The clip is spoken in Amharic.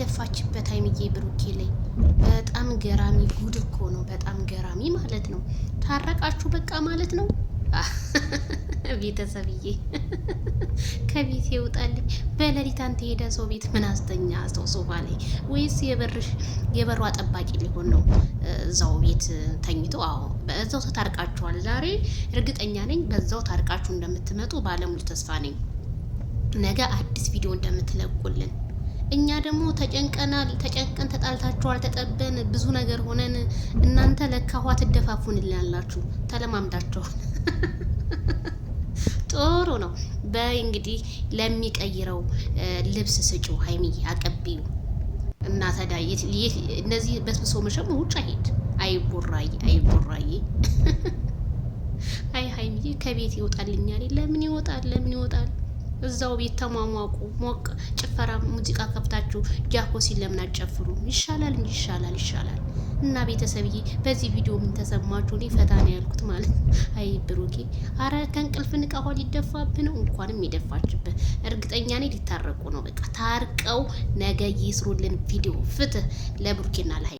ደፋችበት ሀይሚዬ ብሩኬ ላይ። በጣም ገራሚ ጉድ እኮ ነው። በጣም ገራሚ ማለት ነው። ታረቃችሁ በቃ ማለት ነው። ቤተሰብዬ ከቤት ይውጣልኝ። በሌሊት አንተ ሄደ ሰው ቤት ምን አስተኛ ሰው ሶፋ ላይ ወይስ የበርሽ የበሯ ጠባቂ ሊሆን ነው? እዛው ቤት ተኝቶ። አዎ በዛው ተታርቃችኋል። ዛሬ እርግጠኛ ነኝ በዛው ታርቃችሁ እንደምትመጡ ባለሙሉ ተስፋ ነኝ። ነገ አዲስ ቪዲዮ እንደምትለቁልን እኛ ደግሞ ተጨንቀናል፣ ተጨንቀን ተጣልታችኋል፣ ተጠበን ብዙ ነገር ሆነን እናንተ ለካኋ ትደፋፉን ይላላችሁ ተለማምዳችኋል። ጥሩ ነው። በይ እንግዲህ ለሚቀይረው ልብስ ስጩ ሀይሚ አቀቢው እና ተዳይ እነዚህ በስብሶ መሸም ውጭ አይሄድ አይቦራዬ አይቦራዬ አይ ሀይሚዬ ከቤት ይወጣልኛል። ለምን ይወጣል? ለምን ይወጣል? እዛው የተሟሟቁ ሞቅ ጭፈራ ሙዚቃ ከፍታችሁ ጃኮ ሲለምን አጨፍሩ። ይሻላል እንጂ ይሻላል ይሻላል። እና ቤተሰብዬ በዚህ ቪዲዮ ምን ተሰማችሁ? እኔ ፈታ ነው ያልኩት ማለት አይ ብሩኬ፣ አረ ከእንቅልፍ ንቃኋ። ሊደፋብህ ነው። እንኳንም የደፋችበት እርግጠኛ ነኝ ሊታረቁ ነው። በቃ ታርቀው ነገ ይስሩልን ቪዲዮ። ፍትህ ለብሩኬና ለሀይ